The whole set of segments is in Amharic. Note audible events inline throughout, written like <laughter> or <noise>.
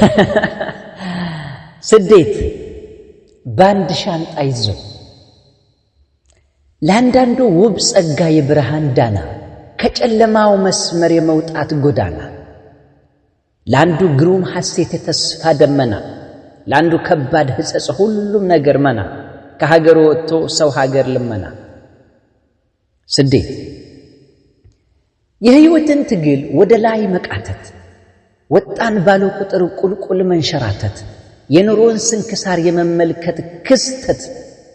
<laughs> ስደት በአንድ ሻንጣ ይዞ ለአንዳንዱ ውብ ጸጋ የብርሃን ዳና ከጨለማው መስመር የመውጣት ጎዳና፣ ለአንዱ ግሩም ሐሴት የተስፋ ደመና፣ ለአንዱ ከባድ ሕጸጽ ሁሉም ነገር መና፣ ከሀገር ወጥቶ ሰው ሀገር ልመና። ስደት የሕይወትን ትግል ወደ ላይ መቃተት ወጣን ባለ ቁጥር ቁልቁል መንሸራተት፣ የኑሮን ስንክሳር የመመልከት ክስተት፣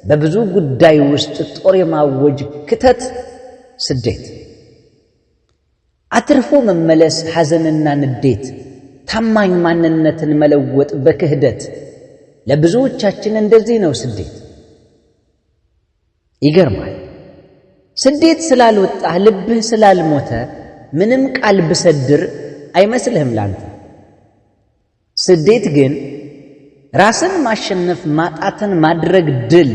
በብዙ ጉዳይ ውስጥ ጦር የማወጅ ክተት፣ ስደት፣ አትርፎ መመለስ፣ ሐዘንና ንዴት፣ ታማኝ ማንነትን መለወጥ በክህደት። ለብዙዎቻችን እንደዚህ ነው ስደት። ይገርማል። ስደት ስላልወጣህ ልብህ ስላልሞተ ምንም ቃል ብሰድር አይመስልህም ላንተ። ስደት ግን ራስን ማሸነፍ ማጣትን ማድረግ ድል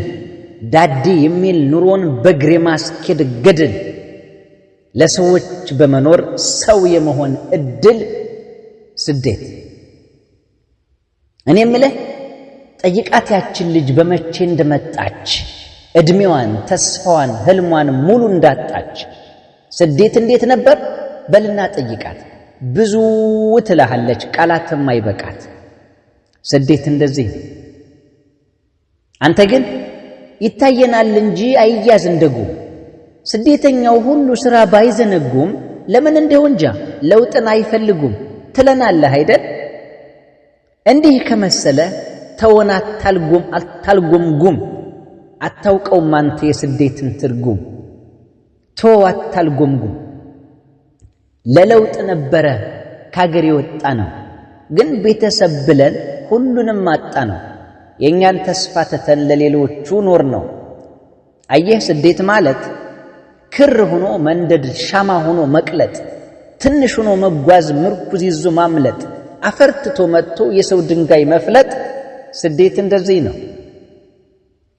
ዳዴ የሚል ኑሮን በግሬ ማስኬድ ገድል ለሰዎች በመኖር ሰው የመሆን እድል ስደት። እኔ የምልህ ጠይቃት ያችን ልጅ በመቼ እንደመጣች እድሜዋን፣ ተስፋዋን፣ ህልሟን ሙሉ እንዳጣች ስደት እንዴት ነበር? በልና ጠይቃት። ብዙ ትልሃለች፣ ቃላትም አይበቃት። ስደት እንደዚህ ነው። አንተ ግን ይታየናል እንጂ አይያዝ እንደጉ ስደተኛው ሁሉ ስራ ባይዘነጉም ለምን እንደው እንጃ ለውጥን አይፈልጉም ትለናለህ አይደል? እንዲህ ከመሰለ ተወን አታልጎም አታልጎምጉም አታውቀውም አንተ የስደትን ትርጉም ቶ አታልጎምጉም ለለውጥ ነበረ ከሀገር የወጣ ነው። ግን ቤተሰብ ብለን ሁሉንም አጣ ነው። የእኛን ተስፋ ትተን ለሌሎቹ ኖር ነው። አየህ ስደት ማለት ክር ሆኖ መንደድ፣ ሻማ ሆኖ መቅለጥ፣ ትንሽ ሆኖ መጓዝ፣ ምርኩዝ ይዞ ማምለጥ፣ አፈርትቶ መጥቶ የሰው ድንጋይ መፍለጥ። ስደት እንደዚህ ነው።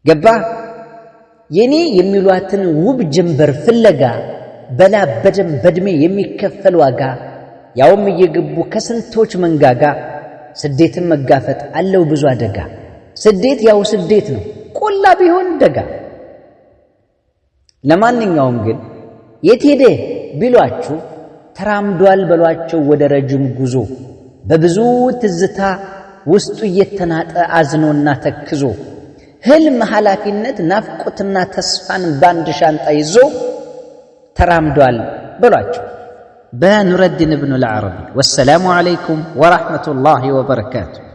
ገባ የኔ የሚሏትን ውብ ጀንበር ፍለጋ በላብ በደም በእድሜ የሚከፈል ዋጋ ያውም እየገቡ ከስንቶች መንጋጋ ስደትን መጋፈጥ አለው ብዙ አደጋ። ስደት ያው ስደት ነው ቆላ ቢሆን ደጋ። ለማንኛውም ግን የት ሄደ ቢሏችሁ ተራምዷል በሏቸው ወደ ረጅም ጉዞ በብዙ ትዝታ ውስጡ እየተናጠ አዝኖና ተክዞ ህልም ኃላፊነት ናፍቆትና ተስፋን በአንድ ሻንጣ ይዞ ترامدوال بلوش بان رد ابن العربي والسلام عليكم ورحمة الله وبركاته